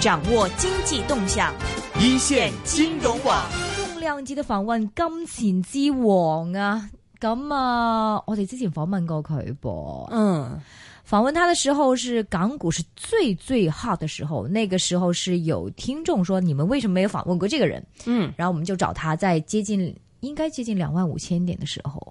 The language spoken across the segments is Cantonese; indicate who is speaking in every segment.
Speaker 1: 掌握經濟動向，一線金融網。重量級的訪問，金錢之王啊！咁啊，我哋之前訪問過佢噃。嗯，訪問他的時候是港股是最最 hot 的時候，那個時候是有聽眾說你們為什麼沒有訪問過這個人？嗯，然後我們就找他在接近應該接近兩萬五千點的時候。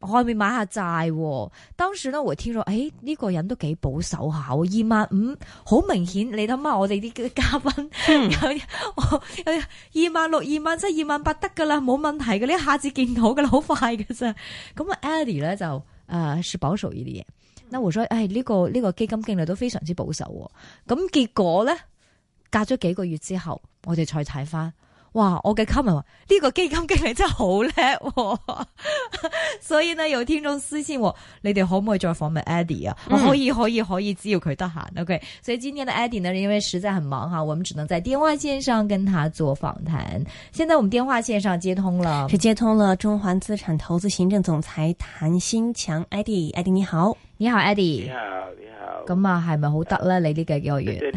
Speaker 1: 外面買下債，當時咧我聽咗，誒、欸、呢、這個人都幾保守下，二萬五，好明顯，你諗下我哋啲嘉賓、嗯、有二萬六、二萬七、二萬八得噶啦，冇問題嘅，你一下子見到噶啦，好快噶啫咁啊 Eddie 咧就誒、呃、是保守呢啲嘢，那胡所以，誒、欸、呢、這個呢、這個基金經理都非常之保守，咁結果咧隔咗幾個月之後，我哋再睇翻。哇！我嘅、okay, comment 話呢個基金經理真係好叻，哦， 所以呢有聽眾私信我，我你哋可唔可以再訪問 Eddie 啊？可以可以可以，只要佢得閒，OK。所以今天的 Eddie 呢，因為實在很忙哈，我們只能在電話線上跟他做訪談。現在我們電話線上接通了，是接通了中環資產投資行政總裁譚新強 Eddie，Eddie 你好，你好 Eddie，你好你好，咁啊係咪好得咧、呃？你，這個你呢個幾個月？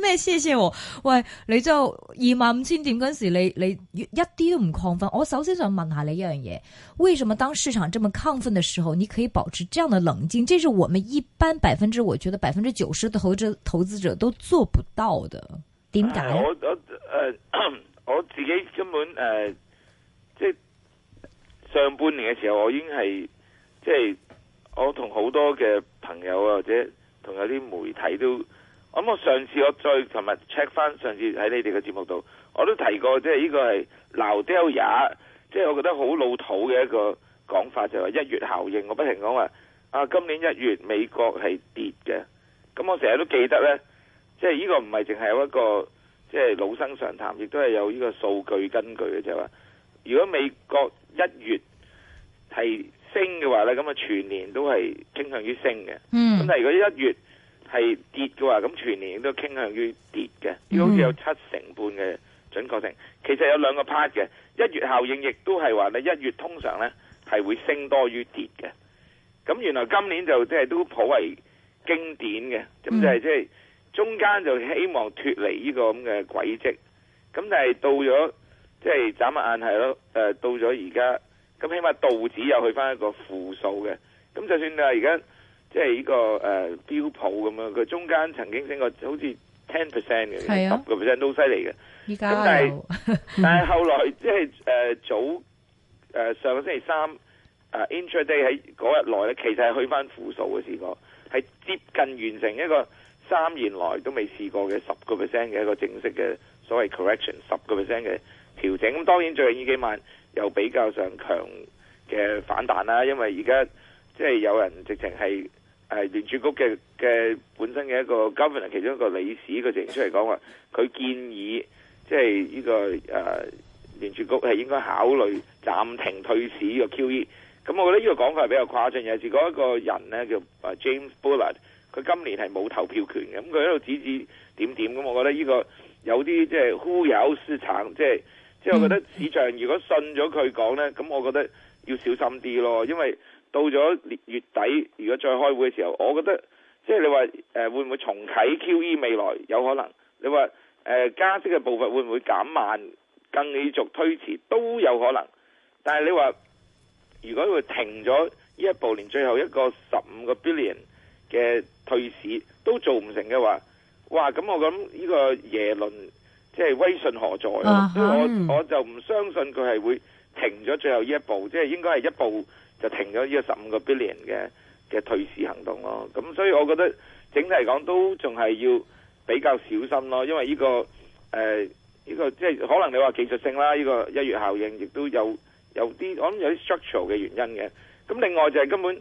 Speaker 1: 咩？ 謝謝我？喂，你就二萬五千點嗰時，你你一啲都唔亢奮。我首先想問下你一樣嘢：為什麼當市場這麼亢奮嘅時候，你可以保持這樣嘅冷靜？這是我們一般百分之，我覺得百分之九十的投資者投資者都做不到的。點解？啊，我我，呃，
Speaker 2: 我自己根本誒，呃，即係上半年嘅時候，我已經係即係我同好多嘅朋友或者同有啲媒體都。咁我，我上次我再琴日 check 翻上次喺你哋嘅節目度，我都提過，即係呢個係老掉牙，即係我覺得好老土嘅一個講法，就係話一月效應。我不停講話，啊今年一月美國係跌嘅，咁我成日都記得呢，即係呢個唔係淨係有一個，即係老生常談，亦都係有呢個數據根據嘅，就係話如果美國一月係升嘅話呢，咁啊全年都係傾向於升嘅。嗯，咁但係如果一月，係跌嘅話，咁全年都傾向於跌嘅，好似有七成半嘅準確性。其實有兩個 part 嘅，一月效應亦都係話呢，一月通常呢係會升多於跌嘅。咁原來今年就即係都頗為經典嘅，咁就係即係中間就希望脫離呢個咁嘅軌跡。咁但係到咗即係眨下眼係咯，呃，到咗而家，咁起碼道指又去翻一個負數嘅。咁就算你話而家。即係呢、呢個誒、呃、標普咁樣，佢中間曾經升過好似 ten percent 嘅，十個 percent 都犀利嘅。依家係， 但係後來即係誒、呃、早誒、呃、上個星期三誒、呃、Intraday 喺嗰日內咧，其實係去翻負數嘅試過，係接近完成一個三年來都未試過嘅十個 percent 嘅一個正式嘅所謂 correction，十個 percent 嘅調整。咁當然最近呢幾晚又比較上強嘅反彈啦，因為而家即係有人直情係。係聯儲局嘅嘅本身嘅一個 Governor 其中一個理事佢提出嚟講話，佢建議即係呢個誒聯儲局係應該考慮暫停退市呢個 QE。咁我覺得呢個講法係比較誇張。尤其是嗰一個人呢叫 James Bullard，佢今年係冇投票權嘅。咁佢喺度指指點點，咁我覺得呢個有啲即係忽悠私產。即係即係我覺得市場如果信咗佢講呢，咁我覺得要小心啲咯，因為。到咗月底，如果再開會嘅時候，我覺得即係你話、呃、會唔會重啟 QE 未來有可能？你話誒、呃、加息嘅步伐會唔會減慢、更繼續推遲都有可能。但係你話如果佢停咗呢一步，連最後一個十五個 billion 嘅退市都做唔成嘅話，哇！咁我諗呢個耶倫即係威信何在啊、uh -huh.？我我就唔相信佢係會。停咗最後呢一步，即係應該係一步就停咗呢個十五個 billion 嘅嘅退市行動咯。咁所以我覺得整體嚟講都仲係要比較小心咯，因為呢個誒呢個即係可能你話技術性啦，呢個一月效應亦都有有啲我諗有啲 structural 嘅原因嘅。咁另外就係根本誒、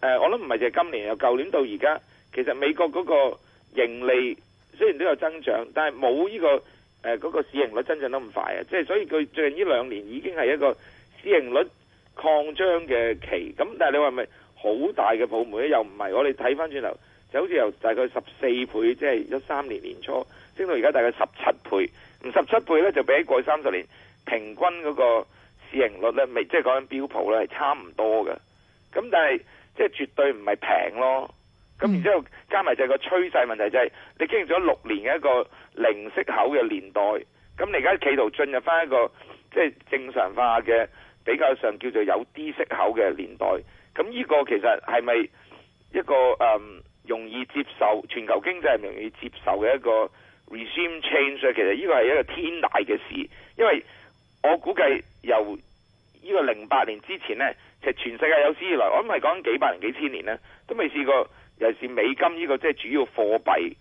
Speaker 2: 呃，我諗唔係就係今年，由舊年到而家，其實美國嗰個盈利雖然都有增長，但係冇呢個。誒、呃、嗰、那個市盈率增長得咁快啊，即係所以佢最近呢兩年已經係一個市盈率擴張嘅期，咁但係你話係咪好大嘅泡沫咧？又唔係，我哋睇翻轉頭就好似由大概十四倍，即係一三年年初升到而家大概十七倍，唔十七倍咧就比過去三十年平均嗰個市盈率咧，未即係講緊標普咧係差唔多㗎。咁但係即係絕對唔係平咯。咁然之後加埋就係個趨勢問題，就係你經歷咗六年嘅一個零息口嘅年代，咁你而家企圖進入翻一個即係正常化嘅比較上叫做有啲息口嘅年代，咁呢個其實係咪一個誒、嗯、容易接受全球經濟係容易接受嘅一個 regime change？其實呢個係一個天大嘅事，因為我估計由呢個零八年之前呢，其實全世界有史以來，我唔係講緊幾百年幾千年呢，都未試過。尤其是美金呢個即係主要貨幣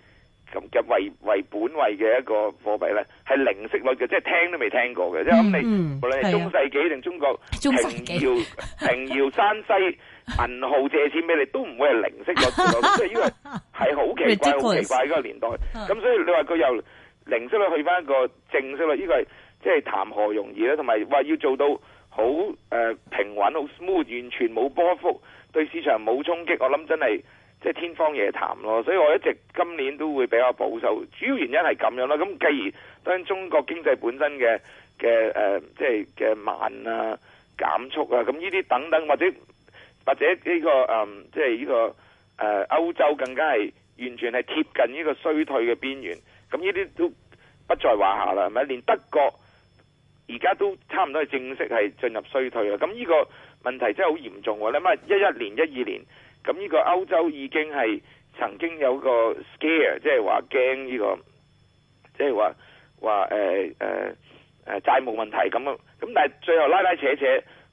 Speaker 2: 咁嘅為為本位嘅一個貨幣咧，係零息率嘅，即係聽都未聽過嘅。即係咁你，無論係中世紀定中國平遙，平遙山西銀號借錢俾你都唔會係零息率的，呢個係好奇怪好奇怪嗰個年代。咁 所以你話佢由零息率去翻一個正息率，呢、這個係即係談何容易咧？同埋話要做到好誒、呃、平穩好 smooth，完全冇波幅，對市場冇衝擊，我諗真係。即、就、係、是、天方夜譚咯，所以我一直今年都會比較保守，主要原因係咁樣啦。咁繼而當中國經濟本身嘅嘅誒，即係嘅慢啊減速啊，咁呢啲等等，或者或者呢、這個誒，即係呢個誒、呃、歐洲更加係完全係貼近呢個衰退嘅邊緣，咁呢啲都不在話下啦，係咪？連德國而家都差唔多係正式係進入衰退啦。咁呢個問題真係好嚴重喎、啊！你唔係一一年、一二年。咁呢個歐洲已經係曾經有個 scare，即係話驚呢個，即係話話誒誒誒債務問題咁咁，但係最後拉拉扯扯，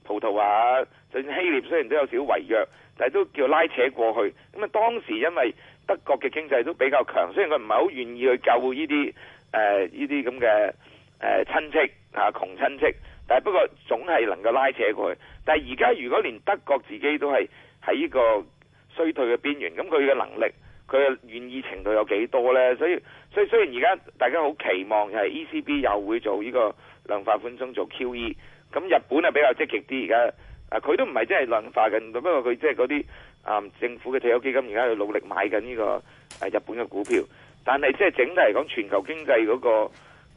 Speaker 2: 葡萄牙、啊、就算希臘雖然都有少少違約，但係都叫拉扯過去。咁啊，當時因為德國嘅經濟都比較強，雖然佢唔係好願意去救呢啲誒呢啲咁嘅誒親戚啊窮親戚，但係不過總係能夠拉扯過去。但係而家如果連德國自己都係喺呢個，衰退嘅邊緣，咁佢嘅能力，佢嘅願意程度有幾多呢？所以，所以雖然而家大家好期望就係 ECB 又會做呢個量化寬鬆做 QE，咁日本啊比較積極啲而家，啊佢都唔係真係量化緊，不過佢即係嗰啲啊政府嘅退休基金而家要努力買緊、這、呢個、啊、日本嘅股票，但係即係整體嚟講，全球經濟嗰、那個誒、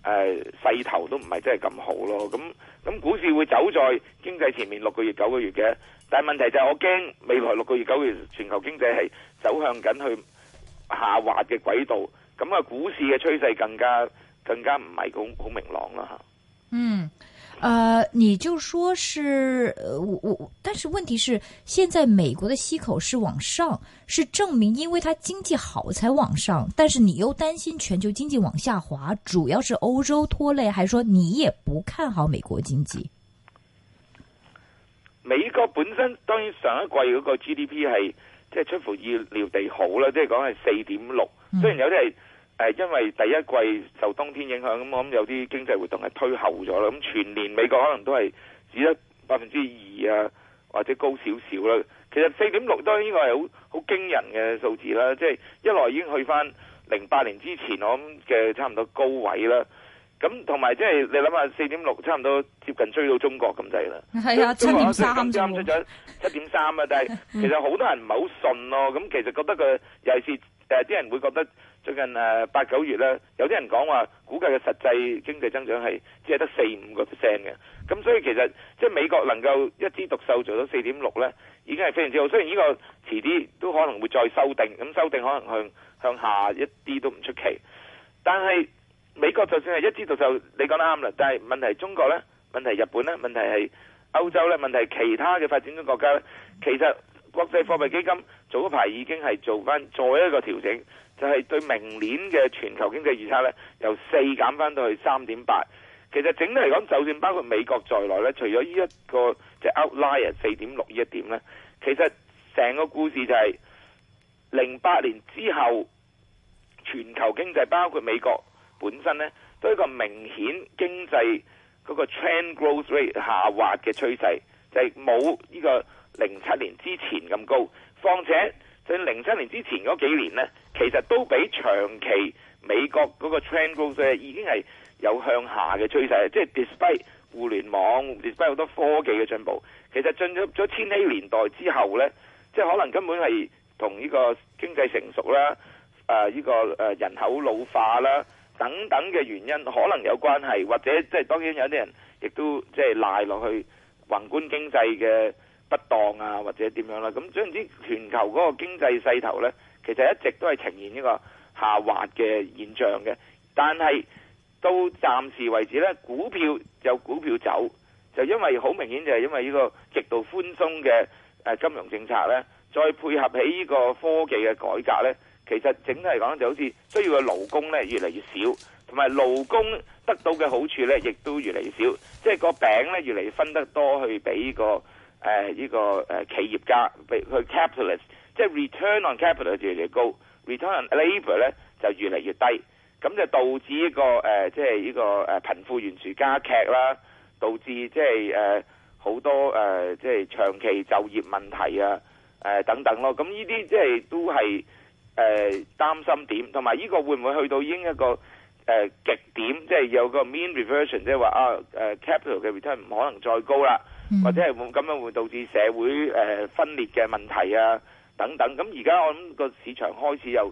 Speaker 2: 啊、勢頭都唔係真係咁好咯。咁咁股市會走在經濟前面六個月、九個月嘅。但係問題就係我驚未來六個月、九月全球經濟係走向緊去下滑嘅軌道，咁啊股市嘅趨勢更加更加唔係咁好明朗啦吓。嗯，
Speaker 1: 誒、呃，你就說是，我、呃、我，但是問題是，現在美國嘅息口是往上，是證明因為它經濟好才往上，但是你又擔心全球經濟往下滑，主要是歐洲拖累，還是說你也不看好美國經濟？
Speaker 2: 美國本身當然上一季嗰個 GDP 係即係出乎意料地好啦，即係講係四點六。雖然有啲係誒，因為第一季受冬天影響咁，我諗有啲經濟活動係推後咗啦。咁全年美國可能都係只得百分之二啊，或者高少少啦。其實四點六當然呢個係好好驚人嘅數字啦，即係一來已經去翻零八年之前我諗嘅差唔多高位啦。咁同埋即係你諗下，四點六差唔多接近追到中國咁滯啦。係啊，七點三先。啱出咗七點三啊， 但係其實好多人唔係好信咯，啊。咁其實覺得佢尤其是啲人會覺得最近誒八九月咧，有啲人講話估計嘅實際經濟增長係只係得四五個 percent 嘅。咁所以其實即係美國能夠一枝獨秀做到四點六咧，已經係非常之好。雖然呢個遲啲都可能會再修訂，咁修訂可能向向下一啲都唔出奇，但係。美國就算係一枝獨秀，就你講得啱啦。但係問題是中國呢？問題日本呢？問題係歐洲呢？問題其他嘅發展中國家呢？其實國際貨幣基金早排已經係做翻再一個調整，就係對明年嘅全球經濟預測呢，由四減翻到去三點八。其實整體嚟講，就算包括美國在內呢，除咗呢一個就係 outlier 四點六呢一點呢，其實成個故事就係零八年之後全球經濟包括美國。本身呢都一個明顯經濟嗰個 trend growth rate 下滑嘅趨勢，就係冇呢個零七年之前咁高。況且就零七年之前嗰幾年呢，其實都比長期美國嗰個 trend growth rate 已經係有向下嘅趨勢，即係 despite 互聯網 despite 好多科技嘅進步，其實進入咗千禧年代之後呢，即係可能根本係同呢個經濟成熟啦，誒呢個誒人口老化啦。等等嘅原因可能有關係，或者即係當然有啲人亦都即係賴落去宏觀經濟嘅不當啊，或者點樣啦。咁總之，全球嗰個經濟勢頭咧，其實一直都係呈現呢個下滑嘅現象嘅。但係到暫時為止咧，股票就股票走，就因為好明顯就係因為呢個極度寬鬆嘅誒金融政策咧，再配合起呢個科技嘅改革咧。其實整體嚟講，就好似需要嘅勞工咧越嚟越少，同埋勞工得到嘅好處咧，亦都越嚟越少。即係個餅咧越嚟越分得多，去俾呢個誒呢個誒企業家，去 capitalist，即係 return on capital 越嚟越高，return on labor 咧就越嚟越低。咁就導致呢個誒即係呢個誒貧富懸殊加劇啦，導致即係誒好多誒即係長期就業問題啊誒、呃、等等咯。咁呢啲即係都係。誒、呃，擔心點，同埋呢個會唔會去到已經一個誒、呃、極點，即係有個 mean reversion 即係話啊、呃、capital 嘅 return 唔可能再高啦、嗯，或者係會咁樣會導致社會誒、呃、分裂嘅問題啊等等。咁而家我諗個市場開始又。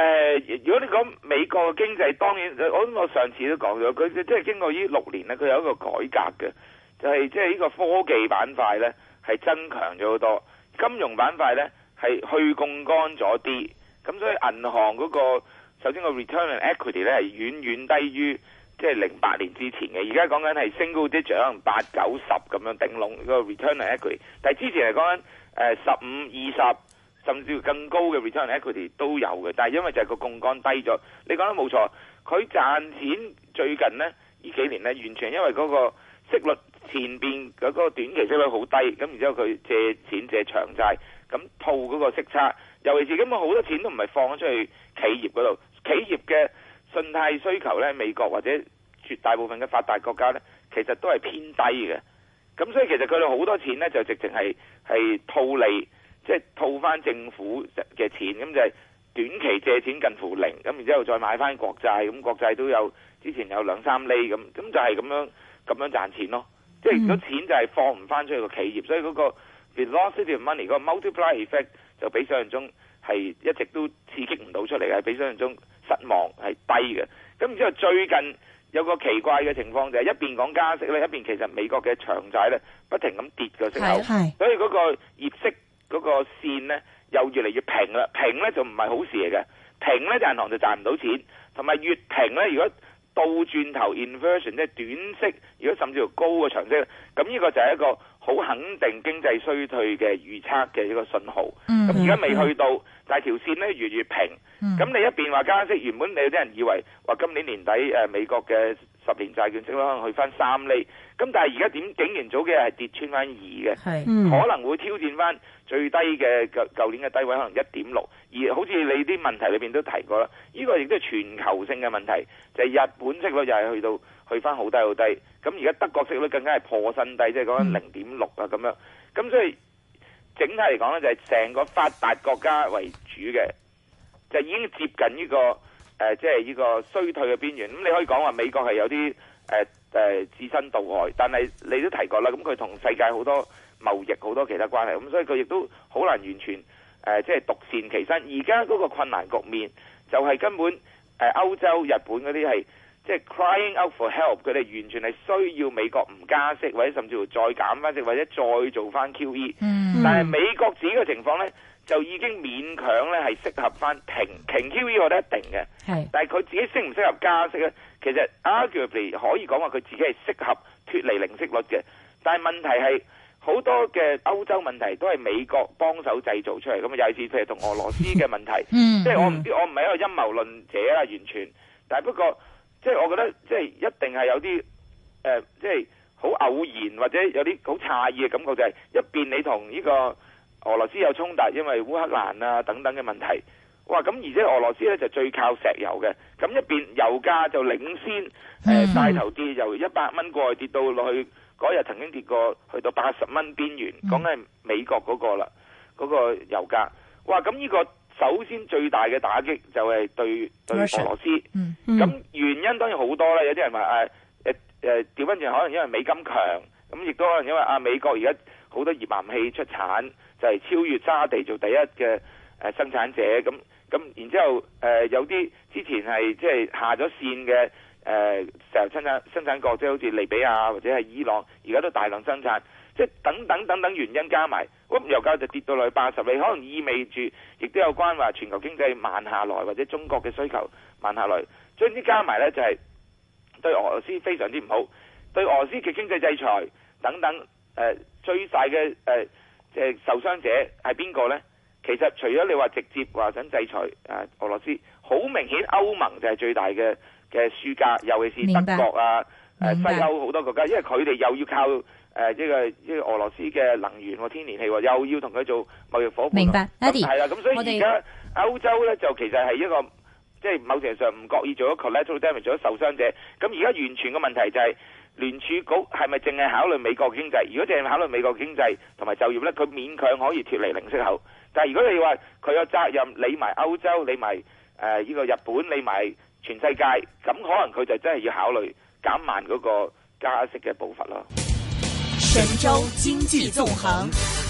Speaker 2: 誒、呃，如果你講美國嘅經濟，當然，我我上次都講咗，佢即係經過呢六年咧，佢有一個改革嘅，就係、是、即係呢個科技板塊呢係增強咗好多，金融板塊呢係去槓桿咗啲，咁所以銀行嗰、那個首先個 return on equity 呢係遠遠低於即係零八年前的的 digit, 8, 90,、那個、equity, 之前嘅，而家講緊係 single digit 可能八九十咁樣頂籠個 return on equity，但係之前係講緊誒十五二十。15, 20, 甚至更高嘅 return equity 都有嘅，但係因為就係個槓桿低咗，你講得冇錯，佢賺錢最近呢，呢幾年呢，完全因為嗰個息率前邊嗰個短期息率好低，咁然之後佢借錢借長債，咁套嗰個息差，尤其是今日好多錢都唔係放咗出去企業嗰度，企業嘅信貸需求呢，美國或者絕大部分嘅發達國家呢，其實都係偏低嘅，咁所以其實佢哋好多錢呢，就直情係係套利。即係套翻政府嘅錢，咁就係短期借錢近乎零，咁然之後再買翻國債，咁國債都有，之前有兩三厘咁，咁就係咁樣咁樣賺錢咯。嗯、即係如果錢就係放唔翻出去個企業，所以嗰個 velocity of money 個 multiply effect 就比想象中係一直都刺激唔到出嚟嘅，比想象中失望係低嘅。咁然之後最近有個奇怪嘅情況就係一邊講加息咧，一邊其實美國嘅長債咧不停咁跌嘅息口，是是是所以嗰個業息。嗰、那個線咧又越嚟越平啦，平咧就唔係好事嚟嘅，平咧就銀行就賺唔到錢，同埋越平咧，如果倒轉頭 inversion 即係短息，如果甚至乎高嘅長息，咁呢個就係一個好肯定經濟衰退嘅預測嘅一個信號。
Speaker 3: 咁而家未去
Speaker 2: 到，但係條線咧越來越平，咁、mm -hmm. 你一邊話加息，原本你有啲人以為話今年年底、呃、美國嘅十年債券息率可能去翻三厘，咁但係而家點竟然早幾日係跌穿翻二嘅，可能會挑戰翻最低嘅舊舊年嘅低位，可能一點六。而好似你啲問題裏邊都提過啦，呢、這個亦都係全球性嘅問題，就係、是、日本息率又係去到去翻好低好低，咁而家德國息率更加係破新低，即係講緊零點六啊咁樣。咁所以整體嚟講咧，就係成個發達國家為主嘅，就已經接近呢個。誒、呃，即係呢個衰退嘅邊緣，咁、嗯、你可以講話美國係有啲誒誒置身度外，但係你都提過啦，咁佢同世界好多貿易好多其他關係，咁、嗯、所以佢亦都好難完全誒即係獨善其身。而家嗰個困難局面就係根本誒、呃、歐洲、日本嗰啲係即係 crying out for help，佢哋完全係需要美國唔加息，或者甚至乎再減翻息，或者再做翻 QE。Mm -hmm. 但係美國自己嘅情況呢？就已經勉強咧係適合翻停停 QE，我覺得一定嘅。係，但係佢自己適唔適合加息咧？其實 arguably 可以講話佢自己係適合脫離零息率嘅。但係問題係好多嘅歐洲問題都係美國幫手製造出嚟。咁啊，尤其是譬如同俄羅斯嘅問題，即 係我唔知， 我唔係一個陰謀論者啦，完全。但係不過，即係我覺得，即係一定係有啲誒，即係好偶然或者有啲好詫異嘅感覺，就係一邊你同呢個。俄羅斯有衝突，因為烏克蘭啊等等嘅問題，哇！咁而且俄羅斯咧就最靠石油嘅，咁一邊油價就領先，誒、mm、帶 -hmm. 呃、頭跌，由一百蚊過去跌到落去，嗰日曾經跌過去到八十蚊邊緣，講緊美國嗰個啦，嗰、mm -hmm. 個油價，哇！咁呢個首先最大嘅打擊就係對對俄羅斯，
Speaker 3: 咁、mm -hmm.
Speaker 2: 原因當然好多啦，有啲人話誒誒調翻轉，啊啊啊、可能因為美金強，咁亦都可能因為啊美國而家好多頁岩氣出產。就係、是、超越沙地做第一嘅生產者，咁咁然之後誒、呃、有啲之前係即係下咗線嘅誒石油生產生產國，即係好似利比亞或者係伊朗，而家都大量生產，即係等等等等原因加埋，咁油價就跌到落去八十，你可能意味住亦都有關話全球經濟慢下來，或者中國嘅需求慢下來，將啲加埋咧就係、是、對俄羅斯非常之唔好，對俄羅斯嘅經濟制裁等等誒、呃、最曬嘅誒。呃即、就、係、是、受傷者係邊個咧？其實除咗你話直接話想制裁誒俄羅斯，好明顯歐盟就係最大嘅嘅輸家，尤其是德國啊、誒西歐好多國家，因為佢哋又要靠誒、呃、一個一個俄羅斯嘅能源天然氣，又要同佢做貿易伙伴。
Speaker 3: 明白，爹係
Speaker 2: 啦，咁所以而家歐洲咧就其實係一個即係、就是、某程度上唔覺意做咗 collateral damage 做咗受傷者。咁而家完全嘅問題就係、是。聯儲局係咪淨係考慮美國經濟？如果淨係考慮美國經濟同埋就業呢，佢勉強可以脫離零息口。但係如果你話佢有責任理埋歐洲、理埋誒呢個日本、理埋全世界，咁可能佢就真係要考慮減慢嗰個加息嘅步伐囉。
Speaker 3: 神州經濟縱橫。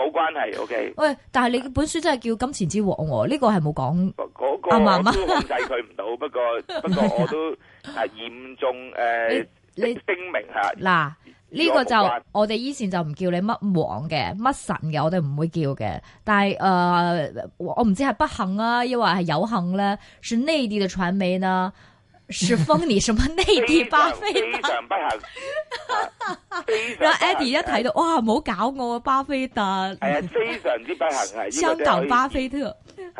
Speaker 2: 冇
Speaker 1: 關係，OK。喂，但係你本書真係叫金錢之王喎、啊，呢、這個係冇講。嗰、
Speaker 2: 那個都控制佢唔到 不，不過不過我都啊嚴重誒、 呃。你你聲明吓嗱，呢、這個就
Speaker 1: 我哋以前就唔叫你乜王嘅，乜神嘅，我哋唔會叫嘅。但係、呃、我唔知係不幸啊，抑或係有幸咧、啊， 是內地嘅傳媒啦、啊。是封你什麼內地巴菲特？非
Speaker 2: 常不幸。然 後、啊、 Eddie 一睇
Speaker 1: 到，哇，唔好搞我啊，巴菲特。係啊，非常之不幸係。香港巴菲特。係、這
Speaker 2: 個、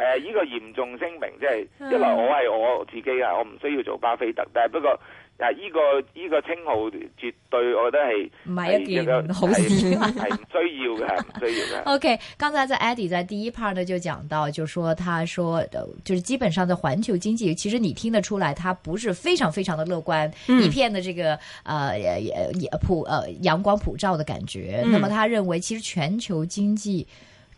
Speaker 2: 啊，呢、這個嚴重聲明，即係，因為我係我自己啊，我唔需要做巴菲特，但係不過。啊、這個，依、這個依個稱號絕對，我覺得係唔係一件好事啊？係唔需要嘅，唔 需要
Speaker 1: 嘅。OK，剛才在 Eddie 在第一 part 就講到，就係說，他說，就是基本上在環球經濟，其實你聽得出來，他不是非常非常的樂觀，嗯、一片的這個，呃，也也也普，呃，陽光普照的感覺。嗯、那麼，他認為其實全球經濟。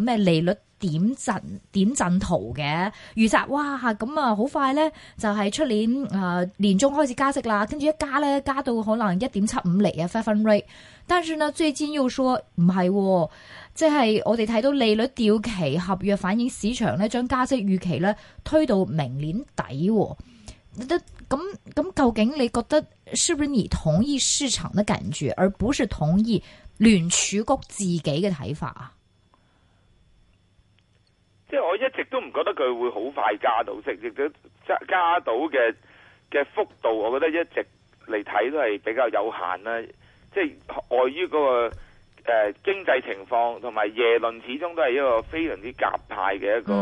Speaker 1: 咩利率點陣點陣圖嘅預測？哇，咁啊好快咧，就係、是、出年、呃、年中開始加息啦，跟住一加咧，加到可能一點七五厘啊 federal rate 但是呢，最尖要說唔係，即係、哦就是、我哋睇到利率掉期合約反映市場咧，將加息預期咧推到明年底、哦。喎。咁咁，究竟你覺得是不是同意市場的感覺，而不是同意聯儲局自己嘅睇法啊？
Speaker 2: 即係我一直都唔覺得佢會好快加到息，亦都加加到嘅嘅幅度，我覺得一直嚟睇都係比較有限啦。即係礙於嗰、那、誒、個呃、經濟情況同埋耶倫始終都係一個非常之鴿派嘅一個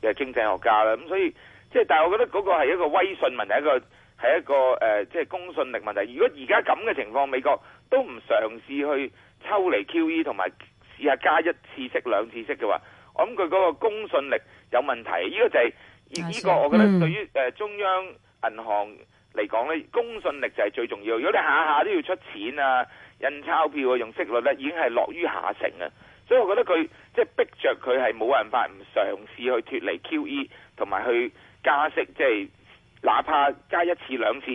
Speaker 2: 嘅經濟學家啦。咁、mm. 所以即係，但係我覺得嗰個係一個威信問題，一個係一個誒即係公信力問題，如果而家咁嘅情況美國都唔嘗試去抽離 QE 同埋試下加一次息兩次息嘅話。我諗佢嗰個公信力有問題，呢個就係呢個，我覺得對於誒中央銀行嚟講咧，公信力就係最重要。如果你下下都要出錢啊，印鈔票啊，用息率咧已經係落於下乘啊，所以我覺得佢即係逼着佢係冇辦法唔嘗試去脫離 QE 同埋去加息，即係哪怕加一次兩次。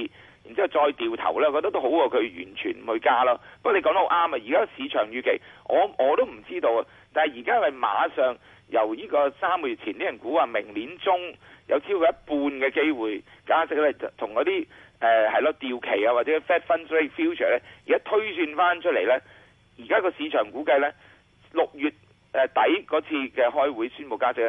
Speaker 2: 然之後再調頭呢，我覺得都好過、啊、佢完全唔去加啦。不過你講得好啱啊！而家市場預期，我我都唔知道啊。但係而家係馬上由呢個三個月前啲人估話，明年中有超過一半嘅機會加息咧，就同嗰啲誒係咯調期啊，或者 fat fund rate future 咧，而家推算翻出嚟咧，而家個市場估計咧，六月誒底嗰次嘅開會宣布加息。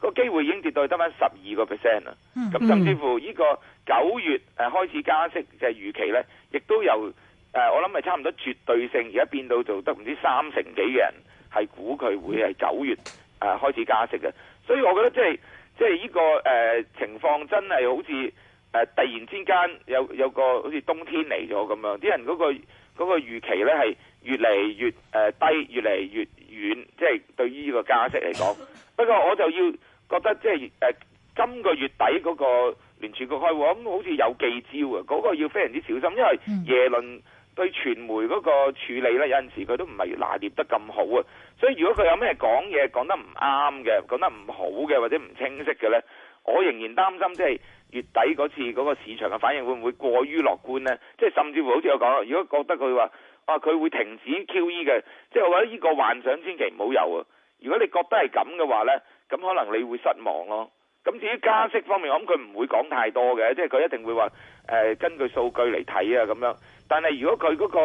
Speaker 2: 嗰個機會已經跌到得返十二個 percent 啦，
Speaker 3: 咁甚至乎
Speaker 2: 呢個九月誒開始加息嘅、就是、預期咧，亦都有誒、呃、我諗係差唔多絕對性，而家變到就得唔知三成幾嘅人係估佢會係九月誒、呃、開始加息嘅，所以我覺得即係即係呢個誒、呃、情況真係好似誒、呃、突然之間有有個好似冬天嚟咗咁樣，啲人嗰、那個嗰、那個、預期咧係越嚟越誒、呃、低，越嚟越遠，即、就、係、是、對於呢個加息嚟講，不過我就要。覺得即係呃，今個月底嗰個聯儲局開會咁，嗯，好似有記招啊！嗰個要非常之小心，因為耶倫對傳媒嗰個處理呢，有陣時佢都唔係拿捏得咁好啊！所以如果佢有咩講嘢講得唔啱嘅、講得唔好嘅或者唔清晰嘅呢，我仍然擔心即係月底嗰次嗰個市場嘅反應會唔會過於樂觀呢？即係甚至乎好似我講，如果覺得佢話啊佢會停止 QE 嘅，即係我覺得呢個幻想千祈唔好有啊！如果你覺得係咁嘅話呢。咁可能你會失望咯。咁至於加息方面，我諗佢唔會講太多嘅，即係佢一定會話誒、呃、根據數據嚟睇啊咁樣。但係如果佢嗰個、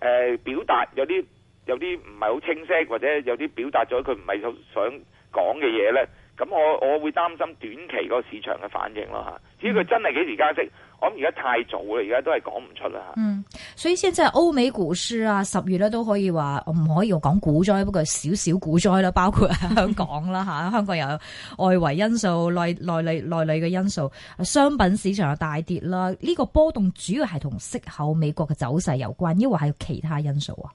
Speaker 2: 呃、表達有啲有啲唔係好清晰，或者有啲表達咗佢唔係想講嘅嘢咧。咁我我會擔心短期個市場嘅反應咯吓，至於佢真係幾時加息，我諗而家太早啦，而家都係講唔出啦吓。嗯，
Speaker 1: 所以先即係歐美股市啊，十月咧都可以話唔可以用講股災，不過少少股災啦，包括香港啦吓， 香港有外圍因素、內內裏內裏嘅因素，商品市場又大跌啦，呢、這個波動主要係同息口美國嘅走勢有關，抑或係其他因素啊？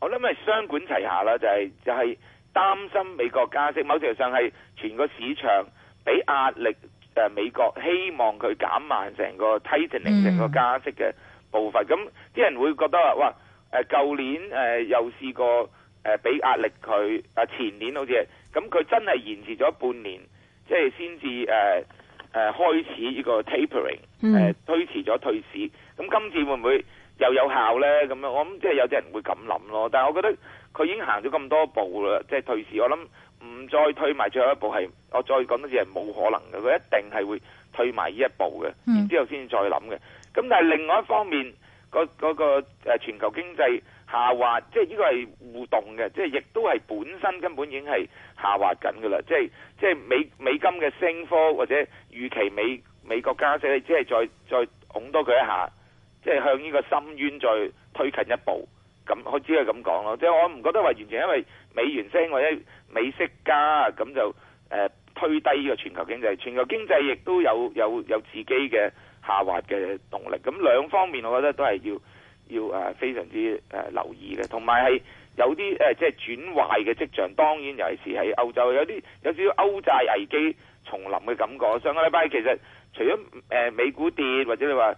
Speaker 1: 我
Speaker 2: 諗係雙管齊下啦，就係、是、就係、是。擔心美國加息，某程度上係全個市場俾壓力。誒美國希望佢減慢成個 tightening 成個加息嘅步伐，咁啲人會覺得話，哇！誒舊年誒、呃、又試過誒俾壓力佢，啊前年好似係，咁佢真係延遲咗半年，即係先至誒誒開始呢個 tapering，誒、呃、推遲咗退市。咁今次會唔會又有效咧？咁樣我諗即係有啲人會咁諗咯，但係我覺得。佢已經行咗咁多步啦，即係退市。我諗唔再退埋最後一步係，我再講多次係冇可能嘅。佢一定係會退埋呢一步嘅，然之後先再諗嘅。咁但係另外一方面，嗰嗰個嗰、嗰個全球經濟下滑，即係呢個係互動嘅，即係亦都係本身根本已經係下滑緊嘅啦。即係即係美美金嘅升科或者預期美美國加息咧，只係再再拱多佢一下，即係向呢個深淵再推近一步。咁我只係咁講咯，即係我唔覺得話完全因為美元升或者美息加咁就推低呢個全球經濟，全球經濟亦都有有有自己嘅下滑嘅動力。咁兩方面，我覺得都係要要非常之留意嘅，同埋係有啲即係轉壞嘅跡象。當然，尤其是喺歐洲有啲有少少歐債危機重臨嘅感覺。上個禮拜其實除咗美股跌，或者你話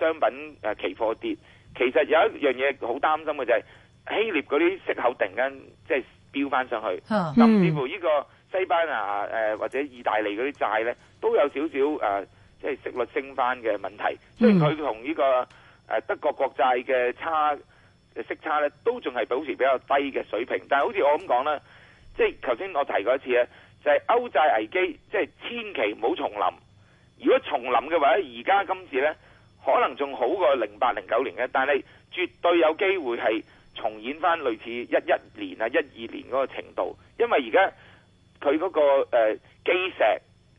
Speaker 2: 商品期貨跌。其實有一樣嘢好擔心嘅就係、是、希臘嗰啲息口突然間即係飆翻上去，甚至乎呢個西班牙誒、呃、或者意大利嗰啲債呢，都有少少誒即係息率升翻嘅問題。雖然佢同呢個誒、呃、德國國債嘅差息差呢，都仲係保持比較低嘅水平。但係好似我咁講啦，即係頭先我提過一次咧，就係、是、歐債危機即係、就是、千祈唔好重臨。如果重臨嘅話，而家今次呢。可能仲好過零八零九年嘅，但係絕對有機會係重演翻類似一一年啊、一二年嗰個程度，因為而家佢嗰個誒、呃、基石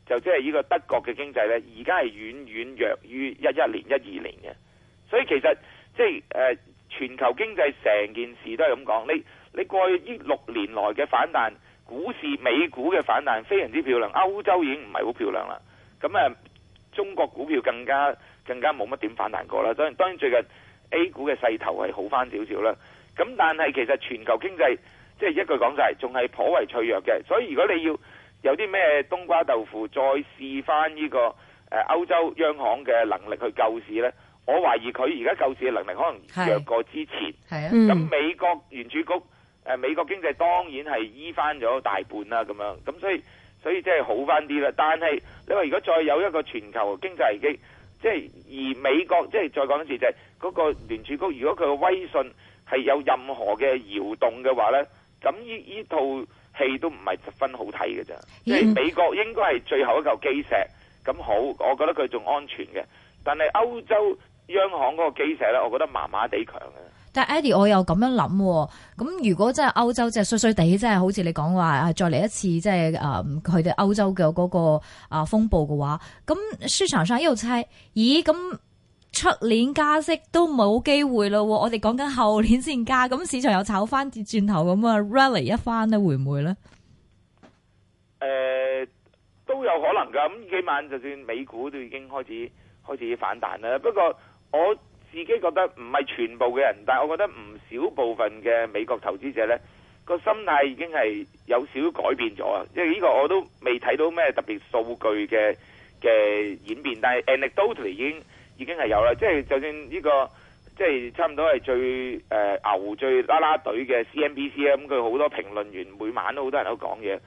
Speaker 2: 就即係呢個德國嘅經濟咧，而家係遠遠弱於一一年、一二年嘅，所以其實即係誒全球經濟成件事都係咁講，你你過去呢六年來嘅反彈股市美股嘅反彈非常之漂亮，歐洲已經唔係好漂亮啦，咁誒中國股票更加，更加冇乜點反彈過啦，當然當然最近 A 股嘅勢頭係好翻少少啦。咁但係其實全球經濟即係一句講晒，仲係頗為脆弱嘅。所以如果你要有啲咩冬瓜豆腐，再試翻呢個誒歐洲央行嘅能力去救市呢，我懷疑佢而家救市嘅能力可能弱過之前。咁、啊、美國原住局誒、呃、美國經濟當然係醫翻咗大半啦，咁樣咁所以所以即係好翻啲啦。但係你話如果再有一個全球經濟危機，即係而美國，即係再講一次，就係、是、嗰個聯儲局，如果佢嘅威信係有任何嘅搖動嘅話呢，咁呢呢套戲都唔係十分好睇嘅啫。Mm. 即係美國應該係最後一嚿基石，咁好，我覺得佢仲安全嘅。但係歐洲央行嗰個基石呢，我覺得麻麻地強嘅。
Speaker 1: 但 Eddie，我又咁樣諗，咁如果真係歐洲真係衰衰地，真係好似你講話，再嚟一次，即係佢哋歐洲嘅嗰個啊風暴嘅話，咁市場上一路猜，咦咁出年加息都冇機會喎。我哋講緊後年先加，咁市場又炒翻跌轉頭咁啊，rally 一翻咧會唔會咧？誒、
Speaker 2: 呃、都有可能㗎，咁今晚就算美股都已經開始開始反彈啦，不過我。自己覺得唔係全部嘅人，但係我覺得唔少部分嘅美國投資者呢、呢個心態已經係有少少改變咗啊！即係呢個我都未睇到咩特別數據嘅嘅演變，但係 anecdotally 已經已經係有啦。即係就算呢、呢個即係差唔多係最誒、呃、牛最啦啦隊嘅 CNBC 咁佢好多評論員每晚都好多人都講嘢。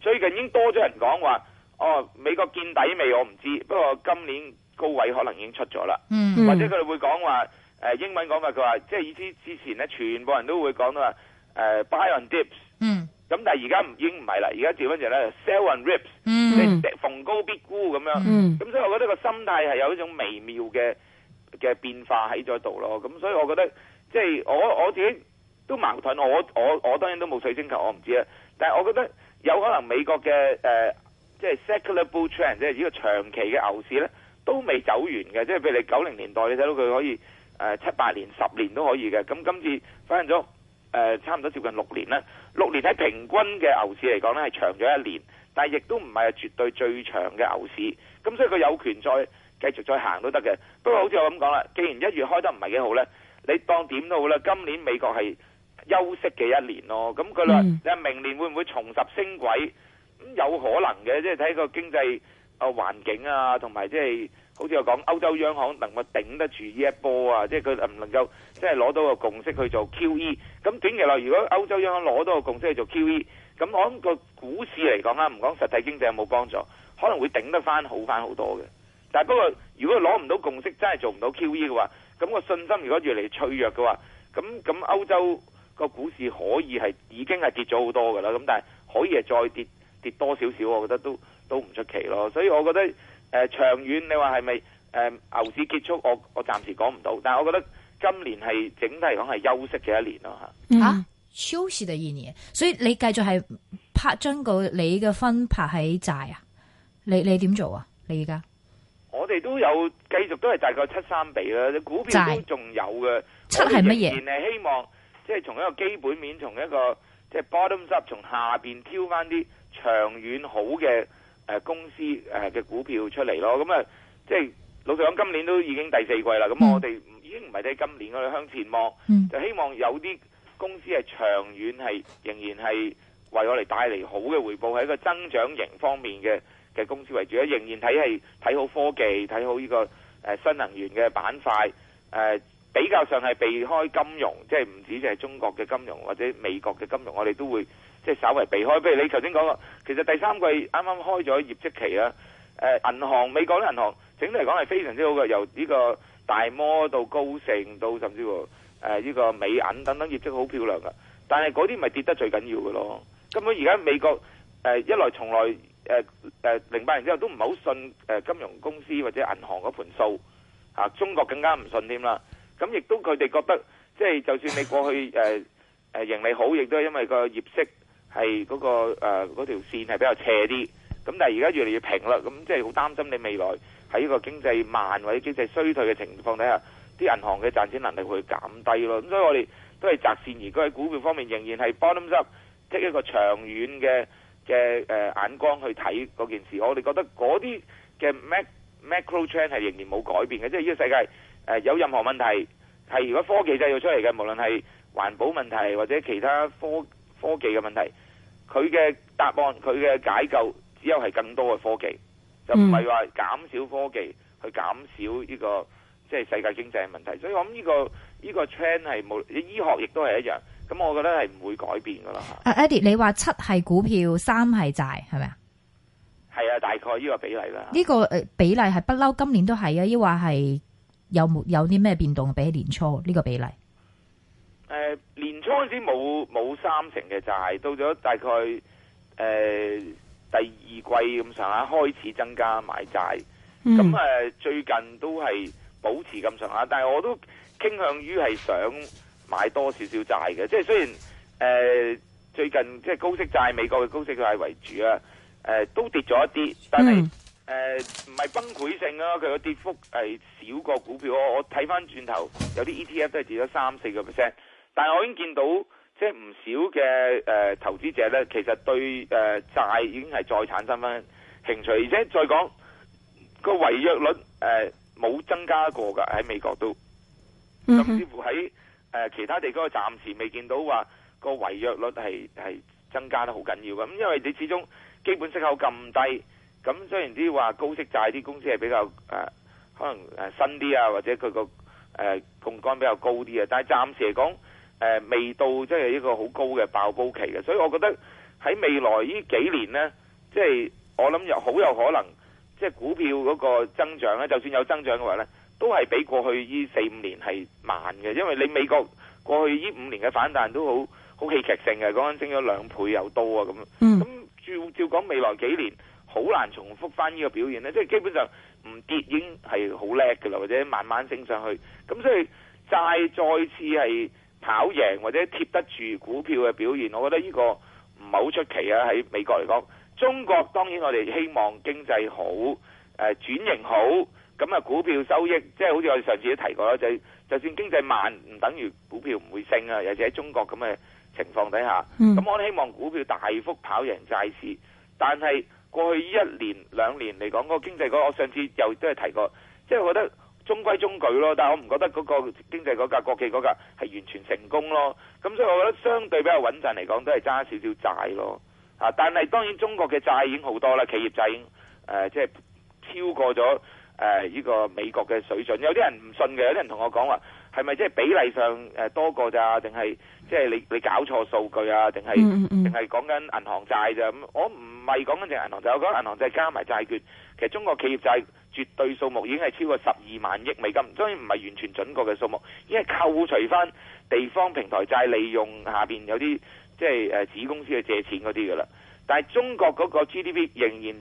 Speaker 2: 最近已經多咗人講話，哦，美國見底未？我唔知。不過今年。高位可能已經出咗啦、嗯，或者佢哋會講、呃、話，誒英文講法佢話，即係意思之前咧，全部人都會講到話，誒、呃、buy on dips 咁、嗯、但係而家已經唔係啦，而家點樣樣咧，sell on rips、嗯就是、逢高必沽咁樣，咁、嗯嗯、所以我覺得個心態係有一種微妙嘅嘅變化喺咗度咯，咁所以我覺得，即、就、係、是、我我自己都矛盾，我我我當然都冇水晶球，我唔知啦，但係我覺得有可能美國嘅誒，即、呃、係、就是、secular trend，即係呢個長期嘅牛市咧。都未走完嘅，即係譬如你九零年代你睇到佢可以誒七八年、十年都可以嘅，咁今次反映咗誒差唔多接近六年啦。六年喺平均嘅牛市嚟講呢係長咗一年，但係亦都唔係絕對最長嘅牛市。咁所以佢有權再繼續再行都得嘅。不過好似我咁講啦，既然一月開得唔係幾好呢，你當點都好啦。今年美國係休息嘅一年咯。咁佢話你話明年會唔會重拾升軌？咁有可能嘅，即係睇個經濟。啊環境啊，同埋即係好似我講，歐洲央行能夠頂得住呢一波啊，即係佢唔能夠即係攞到個共識去做 QE。咁短期內，如果歐洲央行攞到個共識去做 QE，咁我諗個股市嚟講啊，唔講實體經濟有冇幫助，可能會頂得翻好翻好多嘅。但係不過，如果攞唔到共識，真係做唔到 QE 嘅話，咁個信心如果越嚟越脆弱嘅話，咁咁歐洲個股市可以係已經係跌咗好多嘅啦。咁但係可以係再跌。跌多少少，我覺得都都唔出奇咯。所以我覺得誒、呃、長遠，你話係咪誒牛市結束？我我暫時講唔到。但係我覺得今年係整體嚟講係休息嘅一年咯嚇。嚇、嗯，
Speaker 1: 休息嘅一年，所以你繼續係拍將個你嘅分拍喺債啊？你你點做啊？你而家
Speaker 2: 我哋都有繼續都係大概七三比啦，股票都仲有嘅。七係乜嘢？而係希望即係、就是、從一個基本面，從一個即係、就是、bottom up，從下邊挑翻啲。長遠好嘅誒公司誒嘅股票出嚟咯，咁啊即係老實講，今年都已經第四季啦。咁我哋已經唔係睇今年，我哋向前望，就希望有啲公司係長遠係仍然係為我哋帶嚟好嘅回報，係一個增長型方面嘅嘅公司為主。仍然睇係睇好科技，睇好呢個誒新能源嘅板塊。誒比較上係避開金融，即係唔止係中國嘅金融或者美國嘅金融，我哋都會。即係稍為避開，譬如你頭先講個，其實第三季啱啱開咗業績期啦。誒銀行，美國啲銀行整體嚟講係非常之好嘅，由呢個大摩到高盛到甚至乎誒呢個美銀等等業績好漂亮嘅。但係嗰啲咪跌得最緊要嘅咯。根本而家美國誒一來從來誒誒零八年之後都唔係好信誒金融公司或者銀行嗰盤數嚇，中國更加唔信添啦。咁亦都佢哋覺得，即係就算你過去誒誒盈利好，亦都係因為個業績。係嗰、那個誒嗰、呃、條線係比較斜啲，咁但係而家越嚟越平啦，咁即係好擔心你未來喺一個經濟慢或者經濟衰退嘅情況底下，啲銀行嘅賺錢能力會減低咯。咁所以我哋都係擇線而家喺股票方面仍然係 bottom up，即係一個長遠嘅嘅、呃、眼光去睇嗰件事。我哋覺得嗰啲嘅 mac macro trend 係仍然冇改變嘅，即係呢個世界、呃、有任何問題係如果科技製造出嚟嘅，無論係環保問題或者其他科科技嘅問題。佢嘅答案，佢嘅解救，只有係更多嘅科技，就唔係話減少科技去減少呢個即係世界經濟嘅問題。所以我諗呢個呢個 trend 係冇，醫學亦都係一樣。咁我覺得係唔會改變噶啦
Speaker 1: 阿、uh, Eddie，d 你話七係股票，三係債，係咪啊？
Speaker 2: 係啊，大概呢個比例啦。呢
Speaker 1: 個誒比例係不嬲，今年都係啊。抑或係有冇有啲咩變動比起年初呢個比例？
Speaker 2: 呃、年初開始冇冇三成嘅債，到咗大概、呃、第二季咁上下開始增加買債，
Speaker 3: 咁、嗯、誒、呃、
Speaker 2: 最近都係保持咁上下，但係我都傾向於係想買多少少債嘅，即係雖然誒、呃、最近即係高息債，美國嘅高息債為主啊、呃，都跌咗一啲，但係誒唔係崩潰性啊，佢個跌幅係少過股票，我我睇翻轉頭有啲 ETF 都係跌咗三四個 percent。但係我已經見到，即係唔少嘅誒、呃、投資者咧，其實對誒、呃、債已經係再產生翻興趣，而且再講、個違約率誒冇、呃、增加過㗎喺美國都，甚至乎、mm-hmm.、嗯、喺誒、呃、其他地方暫時未見到話、個違約率係係增加得好緊要㗎。咁因為你始終基本息口咁低，咁雖然啲話高息債啲公司係比較誒、呃、可能誒新啲啊，或者佢個誒槓桿比較高啲啊，但係暫時嚟講。誒，未到即係一個好高嘅爆高期嘅，所以我覺得喺未來呢幾年呢，即係我諗又好有可能，即係股票嗰個增長咧，就算有增長嘅話呢，都係比過去呢四五年係慢嘅，因為你美國過去呢五年嘅反彈都好好戲劇性嘅，講緊升咗兩倍又多啊咁，咁照照講未來幾年好難重複翻呢個表現呢，即係基本上唔跌已經係好叻噶啦，或者慢慢升上去，咁所以債再次係。跑贏或者貼得住股票嘅表現，我覺得呢個唔係好出奇啊！喺美國嚟講，中國當然我哋希望經濟好，誒、轉型好，咁啊股票收益，即係好似我哋上次都提過啦，就就算經濟慢，唔等於股票唔會升啊！尤其喺中國咁嘅情況底下，咁、嗯、我哋希望股票大幅跑贏債市。但係過去一年兩年嚟講，個經濟我上次又都係提過，即係我覺得。中規中矩咯，但係我唔覺得嗰個經濟嗰架國企嗰架係完全成功咯。咁所以，我覺得相對比較穩陣嚟講，都係揸少少債咯，啊。但係當然中國嘅債已經好多啦，企業債已經即係、呃即係、超過咗誒呢個美國嘅水準。有啲人唔信嘅，有啲人同我講話係咪即係比例上誒多過咋？定係即係你你搞錯數據啊？定係定係講緊銀行債咋？咁我唔係講緊淨係銀行債，我講銀行債加埋債券。其實中國企業債。絕對數目已經係超過十二萬億美金，所以唔係完全準確嘅數目，已經係扣除翻地方平台債利用下邊有啲即係誒子公司去借錢嗰啲嘅啦。但係中國嗰個 GDP 仍然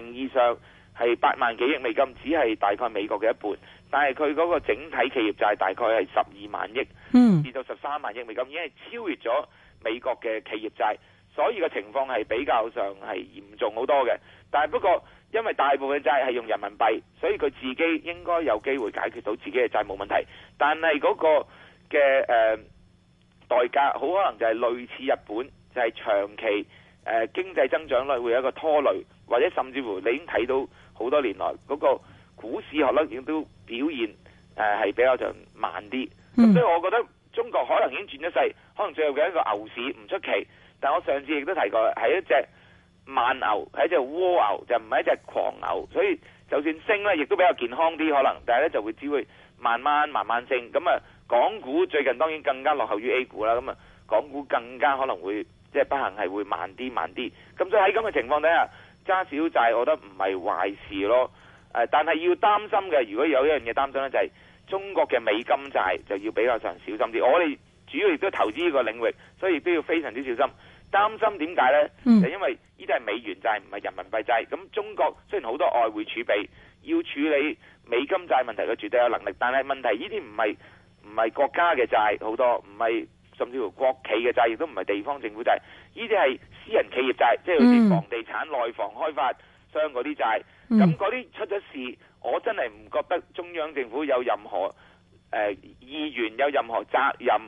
Speaker 2: 名義上係八萬幾億美金，只係大概美國嘅一半。但係佢嗰個整體企業債大概係十二萬億，嗯，至到十三萬億美金，已經係超越咗美國嘅企業債，所以嘅情況係比較上係嚴重好多嘅。但係不過。因為大部分債係用人民幣，所以佢自己應該有機會解決到自己嘅債務問題。但係嗰個嘅、呃、代價，好可能就係類似日本，就係、是、長期誒、呃、經濟增長率會有一個拖累，或者甚至乎你已經睇到好多年來嗰、那個股市學率已經都表現誒係、呃、比較就慢啲、嗯。所以我覺得中國可能已經轉咗勢，可能最後嘅一個牛市唔出奇。但我上次亦都提過，係一隻。慢牛係一隻蝸牛，就唔係一隻狂牛，所以就算升咧，亦都比較健康啲可能，但係咧就會只會慢慢慢慢升。咁啊，港股最近當然更加落後於 A 股啦，咁啊，港股更加可能會即係、就是、不幸係會慢啲慢啲。咁所以喺咁嘅情況底下，揸小債我覺得唔係壞事咯。誒，但係要擔心嘅，如果有一樣嘢擔心咧，就係、是、中國嘅美金債就要比較上小心啲。我哋主要亦都投資呢個領域，所以亦都要非常之小心。擔心點解呢？就因為呢啲係美元債，唔係人民幣債。咁中國雖然好多外匯儲備，要處理美金債問題，佢絕對有能力，但係問題呢啲唔係唔係國家嘅債，好多唔係甚至乎國企嘅債，亦都唔係地方政府債。呢啲係私人企業債，即係好似房地產內房開發商嗰啲債。咁嗰啲出咗事，我真係唔覺得中央政府有任何誒、意願，呃、有任何責任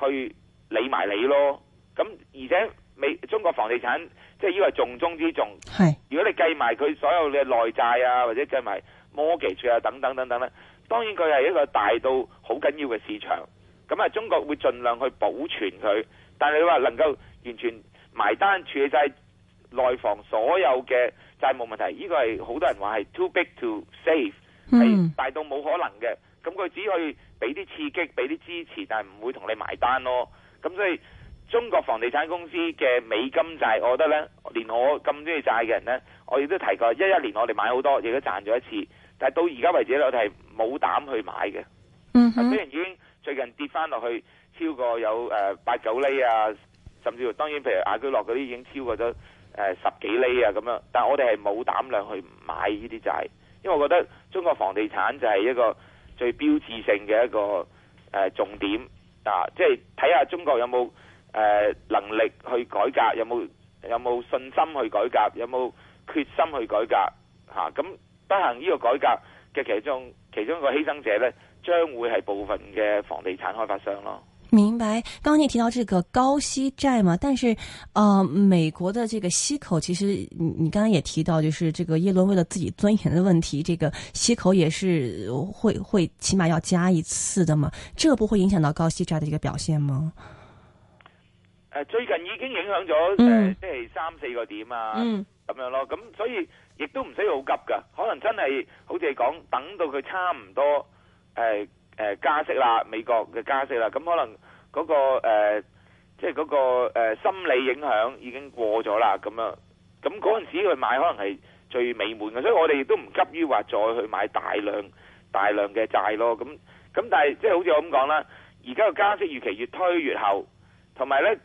Speaker 2: 去理埋你咯。咁而且美中國房地產，即係呢個係重中之重。係如果你計埋佢所有嘅內債啊，或者計埋 mortgage 啊等等等等咧，當然佢係一個大到好緊要嘅市場。咁啊，中國會盡量去保存佢，但係你話能夠完全埋單處理晒內房所有嘅債務問題，呢個係好多人話係 too big to save，係、嗯、大到冇可能嘅。咁佢只可以俾啲刺激、俾啲支持，但係唔會同你埋單咯。咁所以。中國房地產公司嘅美金債，我覺得呢連我咁中意債嘅人呢，我亦都提過，一一年我哋買好多，亦都賺咗一次。但係到而家為止呢，我哋係冇膽去買嘅。嗯，雖然已經最近跌翻落去超過有誒八九厘啊，甚至乎當然譬如雅居樂嗰啲已經超過咗誒十幾厘啊咁樣。但係我哋係冇膽量去買呢啲債，因為我覺得中國房地產就係一個最標誌性嘅一個誒重點啊，即係睇下中國有冇。呃，能力去改革，有冇，有冇信心去改革，有冇決心去改革吓，咁、啊、不幸呢個改革嘅其中，其中一個犧牲者呢，將會係部分嘅房地產開發商咯。
Speaker 4: 明白，剛剛你提到這個高息債嘛，但是呃美國的這個息口其實你，你剛剛也提到，就是這個耶倫為了自己尊嚴的問題，這個息口也是會會起碼要加一次的嘛，這不會影響到高息債的這個表現嗎？
Speaker 2: 誒最近已經影響咗誒，即、嗯、係、呃、三四個點啊，咁、嗯、樣咯。咁所以亦都唔需要好急㗎，可能真係好似你講等到佢差唔多誒誒、呃呃、加息啦，美國嘅加息啦，咁、嗯、可能嗰、那個、呃、即係嗰、那個、呃、心理影響已經過咗啦。咁樣咁嗰陣時候去買可能係最美滿嘅，所以我哋亦都唔急於話再去買大量大量嘅債咯。咁、嗯、咁但係即係好似我咁講啦，而家嘅加息預期越推越後，同埋咧。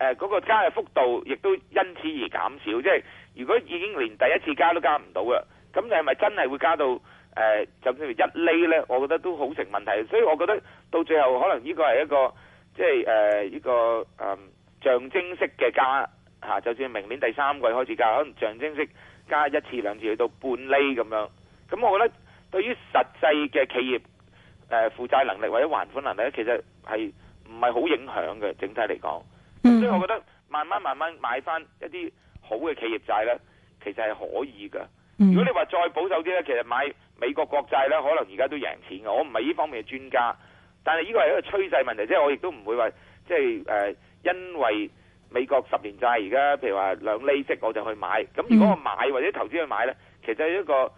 Speaker 2: 誒、呃、嗰、那個加嘅幅度，亦都因此而減少。即係如果已經連第一次加都加唔到嘅，咁你係咪真係會加到誒、呃，就譬如一厘呢，我覺得都好成問題。所以我覺得到最後可能呢個係一個即係誒呢個誒、呃、象徵式嘅加，就算明年第三季開始加，可能象徵式加一次兩次去到半厘咁樣。咁我覺得對於實際嘅企業誒、呃、負債能力或者還款能力呢，其實係唔係好影響嘅，整體嚟講。所以我覺得慢慢慢慢買翻一啲好嘅企業債呢，其實係可以噶。如果你話再保守啲呢，其實買美國國債呢，可能而家都贏錢嘅。我唔係呢方面嘅專家，但係呢個係一個趨勢問題，即係我亦都唔會話即係誒、呃，因為美國十年債而家譬如話兩厘息，我就去買。咁如果我買或者投資去買呢，其實係一個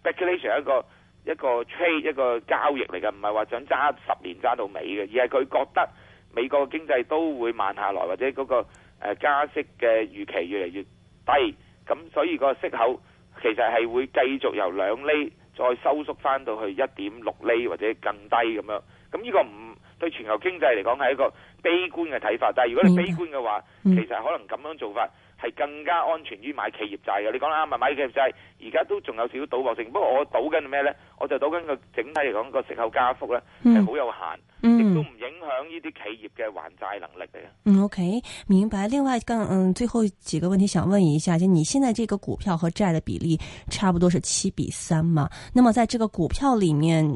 Speaker 2: speculation 一個一個 trade 一個交易嚟嘅，唔係話想揸十年揸到尾嘅，而係佢覺得。美國嘅經濟都會慢下來，或者嗰個誒加息嘅預期越嚟越低，咁所以個息口其實係會繼續由兩厘再收縮翻到去一點六厘，或者更低咁樣。咁呢個唔對全球經濟嚟講係一個悲觀嘅睇法，但係如果你悲觀嘅話，其實可能咁樣做法。係更加安全於買企業債嘅，你講啱咪買企業債，而家都仲有少少賭博性。不過我賭緊咩咧？我就賭緊個整體嚟講個息口加幅咧，係好有限，亦都唔影響呢啲企業嘅還債能力嘅。
Speaker 4: 嗯，OK，明白。另外更，更嗯最後幾個問題想問一下，就你現在這個股票和債的比例差不多是七比三嘛？那麼在這個股票裏面，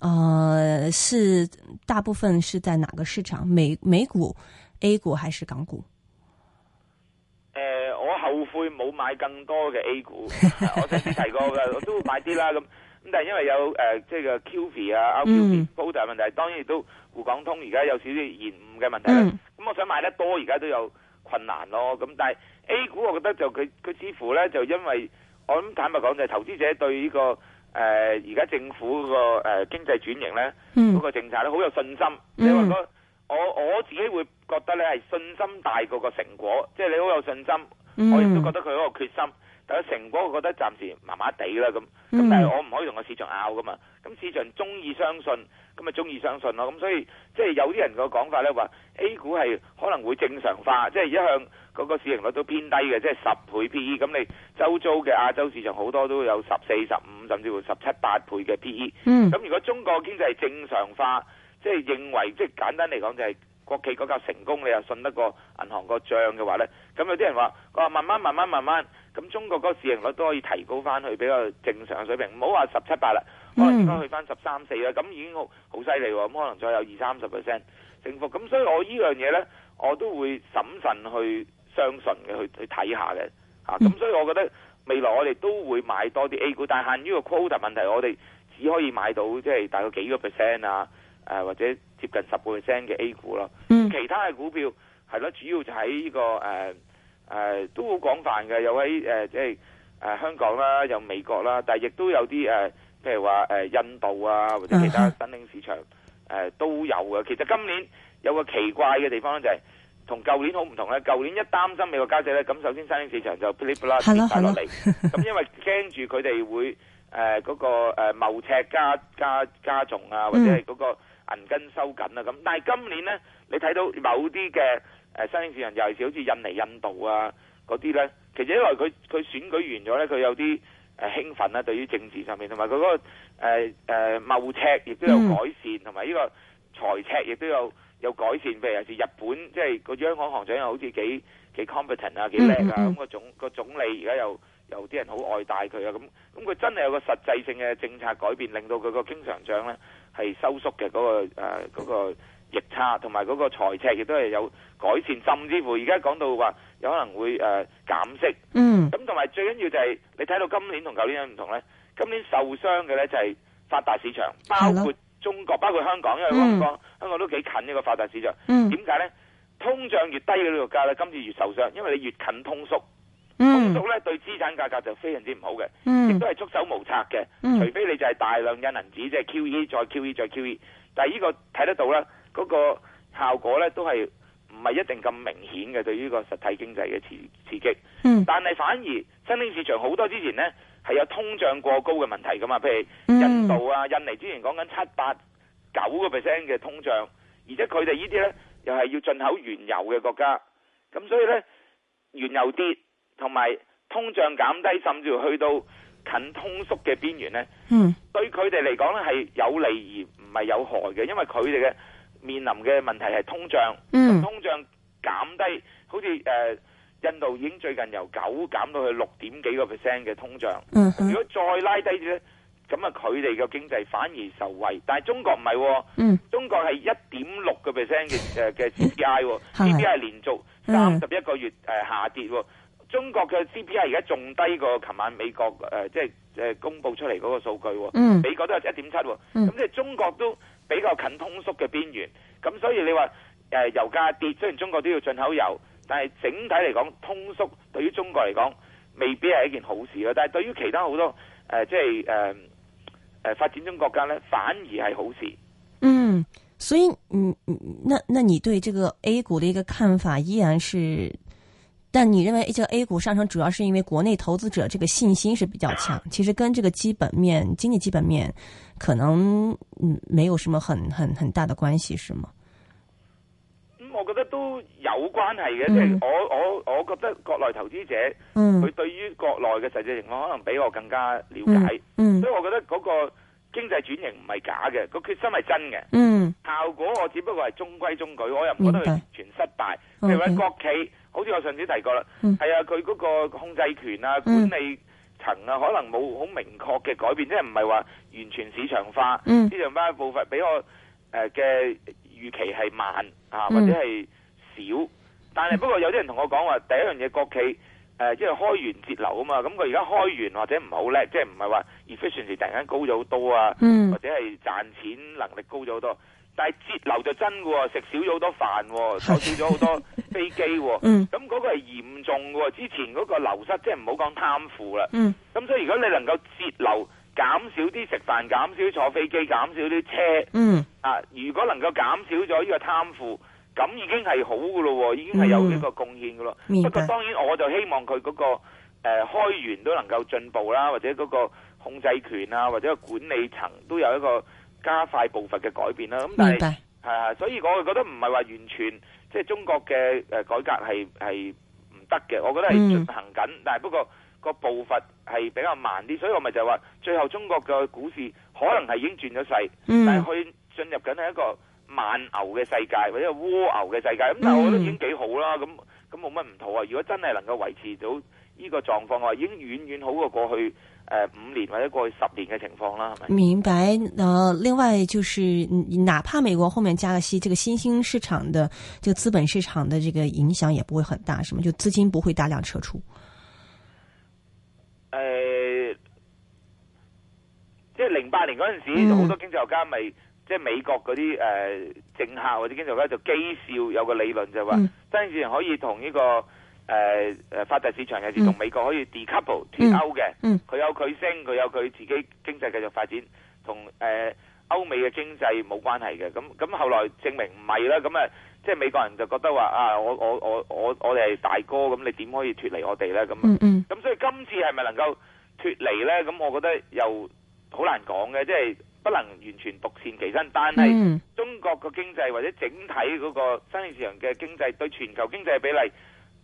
Speaker 4: 呃，是大部分是在哪個市場？美美股、A 股還是港股？
Speaker 2: 後悔冇買更多嘅 A 股， 啊、我上次提過嘅，我都會買啲啦。咁咁，但係因為有誒，即係個 QV 啊、RQV 波動問題，當然亦都滬港通而家有少少延誤嘅問題。咁、嗯嗯嗯嗯、我想買得多而家都有困難咯。咁但係 A 股，我覺得就佢佢似乎咧就因為我諗坦白講，就係投資者對呢、這個誒而家政府個誒、呃、經濟轉型咧
Speaker 3: 嗰、嗯嗰個
Speaker 2: 政策咧好有信心。嗯、你話、嗰個嗯、我我自己會覺得你係信心大過個成果，即、就、係、是、你好有信心。我亦都覺得佢嗰個決心，但係成果我覺得暫時麻麻地啦咁。
Speaker 3: 咁但係我唔可
Speaker 2: 以同個市場拗噶嘛。咁市場中意相信，咁咪中意相信咯。咁所以即係有啲人個講法咧，話 A 股係可能會正常化，即係一向嗰個市盈率都偏低嘅，即係十倍 PE。咁你周遭嘅亞洲市場好多都有十四、十五，甚至乎十七、八倍嘅 PE。咁如果中國經濟正常化，即係認為，即係簡單嚟講就係。國企嗰嚿成功，你又信得過銀行個帳嘅話呢。咁有啲人話，佢話慢慢慢慢慢慢，咁中國嗰個市盈率都可以提高翻去比較正常嘅水平，唔好話十七八啦，mm. 可能應該去翻十三四啦，咁已經好好犀利喎，咁可能再有二三十 percent 升幅，咁所以我呢樣嘢呢，我都會審慎去相信嘅，去去睇下嘅，咁、mm. 啊、所以我覺得未來我哋都會買多啲 A 股，但係限於個 quota 問題，我哋只可以買到即係、就是、大概幾個 percent 啊。誒或者接近十個 percent 嘅 A 股咯、嗯，其他嘅股票係咯，主要就喺呢個誒誒、呃呃、都好廣泛嘅，有喺誒、呃、即係誒、呃、香港啦，有美國啦，但係亦都有啲誒、呃，譬如話誒、呃、印度啊，或者其他新興市場誒、嗯呃、都有嘅。其實今年有個奇怪嘅地方咧，就係、是、同舊年好唔同咧。舊年一擔心美國加息咧，咁首先新興市場就噼里啪啦跌曬落嚟。咁因為驚住佢哋會誒嗰個誒貿赤加加加重啊，或者係嗰個。銀根收緊啦，咁但係今年咧，你睇到某啲嘅誒新興市場，尤其是好似印尼、印度啊嗰啲咧，其實因為佢佢選舉完咗咧，佢有啲誒興奮啦，對於政治上面同埋佢嗰個誒誒貿赤亦都有改善，同埋依個財赤亦都有有改善。譬如係似日本，即係個央行行長又好似幾幾 competent 啊，幾叻啊，咁個總個總理而家又有啲人好愛戴佢啊，咁咁佢真係有個實際性嘅政策改變，令到佢個經常帳咧。係收縮嘅嗰、嗰個誒，呃嗰個逆差，同埋嗰個財赤亦都係有改善，甚至乎而家講到話有可能會誒、呃、減息。嗯。咁同埋最緊要就係你睇到今年同舊年有唔同咧，今年受傷嘅咧就係發達市場，包括中國、嗯，包括香港，因為香港、嗯、香港都幾近呢個發達市場。嗯。點解咧？通脹越低嘅國家咧，今次越受傷，因為你越近通縮。通縮咧，對資產價格就非常之唔好嘅，亦都係束手無策嘅、嗯。除非你就係大量印銀紙，即係 QE 再 QE 再 QE。但係呢個睇得到啦，嗰個效果咧都係唔係一定咁明顯嘅。對於個實體經濟嘅刺刺激，嗯、但係反而新興市場好多之前呢係有通脹過高嘅問題噶嘛，譬如印度啊、嗯、印尼之前講緊七八九個 percent 嘅通脹，而且佢哋呢啲咧又係要進口原油嘅國家，咁所以咧原油跌，同埋通脹減低，甚至去到近通縮嘅邊緣呢，對佢哋嚟講呢係有利而唔係有害嘅，因為佢哋嘅面臨嘅問題係通脹，嗯、通脹減低，好似誒、呃、印度已經最近由九減到去六點幾個 percent 嘅通脹，嗯，如果再拉低啲呢，咁啊佢哋嘅經濟反而受惠，但係中國唔係，哦嗯，中國係一點六個 percent 嘅嘅 CPI，CPI 係連續三十一個月誒、呃、下跌，哦。中國嘅 CPI 而家仲低過琴晚美國誒，即係誒公布出嚟嗰個數據。嗯。美國都係一點七。嗯。咁即係中國都比較近通縮嘅邊緣。咁所以你話誒、呃、油價跌，雖然中國都要進口油，但係整體嚟講，通縮對於中國嚟講未必係一件好事咯。但係對於其他好多誒，即係誒誒發展中國家咧，反而係好事。
Speaker 4: 嗯，所以嗯，那那你對這個 A 股的一個看法依然是？但你認為這個 A 股上升主要是因為國內投資者這個信心是比較強，其實跟這個基本面、經濟基本面可能嗯，沒有什麼很很很大的關係，是嗎、
Speaker 2: 嗯？我覺得都有關係嘅，即、嗯、係、就是、我我我覺得國內投資者，佢、嗯、對於國內嘅實際情況可能比我更加了解，嗯嗯、所以我覺得嗰個經濟轉型唔係假嘅，個決心係真嘅，嗯，效果我只不過係中規中矩，我又唔覺得全失敗，譬、okay. 如話國企。好似我上次提過啦，係、嗯、啊，佢嗰個控制權啊、管理層啊，可能冇好明確嘅改變，嗯、即係唔係話完全市場化，嗯、市場化步伐比我嘅、呃、預期係慢啊，嗯、或者係少。但係不過有啲人同我講話，第一樣嘢國企即係為開源節流啊嘛，咁佢而家開源或者唔好叻，即係唔係話 efficiency 突然間高咗好多啊，嗯、或者係賺錢能力高咗好多。但係節流就真嘅喎，食少咗好多飯，坐少咗好多飛機喎。咁 嗰個係嚴重嘅喎。之前嗰個流失即係唔好講貪腐啦。咁、嗯、所以如果你能夠節流，減少啲食飯，減少坐飛機，減少啲車、
Speaker 3: 嗯。
Speaker 2: 啊，如果能夠減少咗呢個貪腐，咁已經係好嘅咯，已經係有呢個貢獻嘅咯、嗯。不過當然我就希望佢嗰、那個誒、呃、開源都能夠進步啦，或者嗰個控制權啊，或者個管理層都有一個。加快步伐嘅改變啦，咁但係係係，所以我係覺得唔係話完全即係、就是、中國嘅誒改革係係唔得嘅，我覺得係進行緊、嗯，但係不過個步伐係比較慢啲，所以我咪就話最後中國嘅股市可能係已經轉咗勢，嗯、但係進入緊係一個慢牛嘅世界或者蝸牛嘅世界，咁但係我覺得已經幾好啦，咁咁冇乜唔妥啊！如果真係能夠維持到。呢、這個狀況啊，已經遠遠好過過去誒五、呃、年或者過去十年嘅情況啦，係咪？明白？
Speaker 4: 誒、呃，另外就是，哪怕美國後面加個息，這個新興市場的這個資本市場的這個影響也不會很大，什麼就資金不會大量撤出。
Speaker 2: 誒、呃，即係零八年嗰陣時候，好、嗯、多經濟學家咪即係美國嗰啲誒政客或者經濟學家就譏笑，有個理論就話，真、嗯、正可以同呢、這個誒、呃、誒，發達市場有時同美國可以 decouple 脱、嗯、歐嘅，佢、嗯、有佢升，佢有佢自己經濟繼續發展，同誒、呃、歐美嘅經濟冇關係嘅。咁咁後來證明唔係啦，咁誒即係美國人就覺得話啊，我我我我我哋係大哥，咁你點可以脱離我哋咧？咁咁、嗯嗯、所以今次係咪能夠脱離咧？咁我覺得又好難講嘅，即、就、係、是、不能完全獨善其身，但係中國個經濟或者整體嗰個新興市場嘅經濟對全球經濟嘅比例。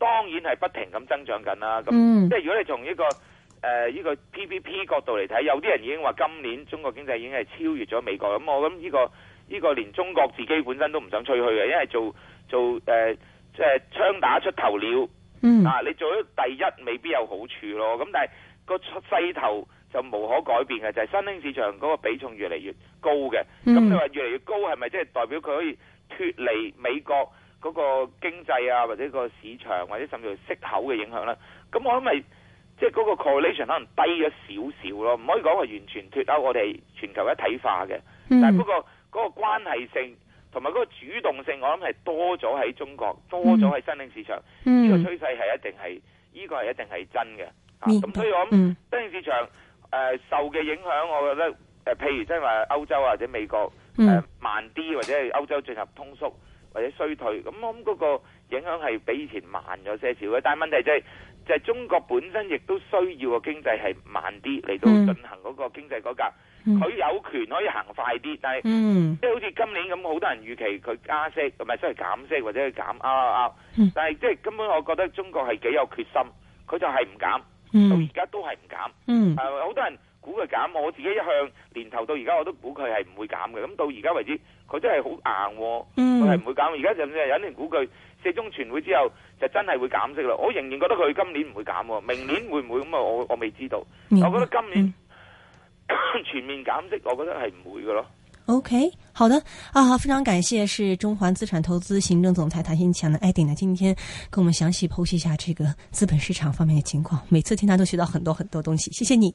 Speaker 2: 當然係不停咁增長緊啦，咁即係如果你從呢個誒呢、呃、個 PPP 角度嚟睇，有啲人已經話今年中國經濟已經係超越咗美國，咁我諗呢、呢個呢、呢個連中國自己本身都唔想吹去嘅，因為做做誒即係槍打出頭鳥
Speaker 3: ，mm. 啊你
Speaker 2: 做咗第一未必有好處咯，咁但係個勢頭就無可改變嘅，就係、是、新興市場嗰個比重越嚟越高嘅，咁你話越嚟越高係咪即係代表佢可以脱離美國？嗰、那個經濟啊，或者個市場，或者甚至乎息口嘅影響啦、啊。咁我諗係即係嗰個 correlation 可能低咗少少咯，唔可以講話完全脱歐。我哋全球一體化嘅、嗯，但係不過嗰個關係性同埋嗰個主動性，我諗係多咗喺中國，多咗喺新興市場。呢、嗯這個趨勢係一定係，呢、這個係一定係真嘅。
Speaker 3: 咁、啊、所以我諗新
Speaker 2: 興市場、嗯呃、受嘅影響，我覺得、呃、譬如即係話歐洲或者美國、嗯呃、慢啲，或者係歐洲進入通縮。或者衰退咁，那我諗嗰個影響係比以前慢咗些少嘅。但係問題就係、是、就係、是、中國本身亦都需要個經濟係慢啲嚟到進行嗰個經濟改革。
Speaker 3: 佢、嗯、有
Speaker 2: 權可以行快啲、嗯，但係
Speaker 3: 即係
Speaker 2: 好似今年咁，好多人預期佢加息，同埋即係減息或者減啊啊，啊。但係即係根本，我覺得中國係幾有決心，佢就係唔減，到而家都係唔減。好、嗯啊、多人。估佢減，我自己一向年頭到而家，我都估佢係唔會減嘅。咁到而家為止，佢真係好硬，哦，佢係唔會減。而家甚至係有啲人估佢四中全會之後就真係會減息啦。我仍然覺得佢今年唔會減，明年會唔會咁啊？我我未知道。
Speaker 4: 嗯、
Speaker 2: 我覺得今年、嗯、全面減息，我覺得係唔會嘅咯。
Speaker 4: OK，好的啊，非常感謝，是中環資產投資行政總裁譚新強的 Eddie，今天跟我們詳細剖析一下這個資本市場方面嘅情況。每次聽他都學到很多很多東西，謝謝你。